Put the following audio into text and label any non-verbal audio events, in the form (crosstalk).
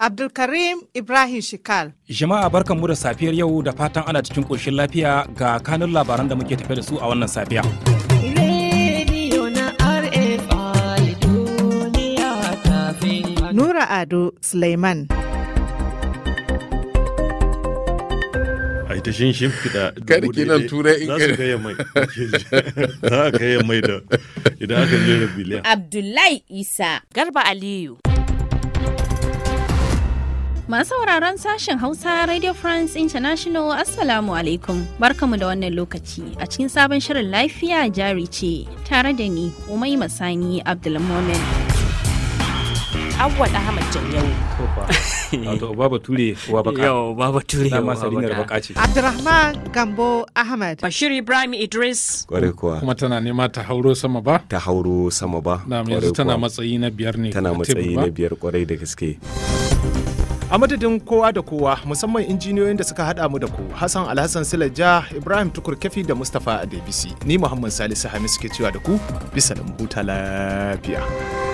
Abdulkarim Ibrahim Shikal. Jama'a barkanmu da safiyar yau da fatan ana cikin ƙoshin lafiya ga kanun labaran da muke tafe da su a wannan safiya. Nura Ado Suleiman. ai ta shin shimfiɗa kada nan turai in kai za mai za ka mai da idan aka jera biliyan abdullahi isa garba aliyu Masu sauraron sashen Hausa Radio France International Assalamu alaikum barkamu da wannan lokaci a cikin sabon shirin lafiya jari ce tare da ni Umai Masani Abdulmomen. Awwal Ahmad Janyau. (laughs) Wato ba Ture wa baka. Yau Baba Ture wa baka. Dama baka ce. Abdulrahman Gambo Ahmad. Bashir Ibrahim Idris. Kware kuwa. Kuma tana nema ta hauro sama ba? Ta hauro sama ba. Na yanzu tana matsayi na biyar ne. Tana matsayi na biyar kwarai da gaske. a madadin kowa da kowa musamman injiniyoyin da suka haɗa mu da ku hassan alhassan silaja ibrahim tukur kefi da mustapha adebisi ni muhammad salisu Hamisu ke cewa da ku bisa da huta lafiya.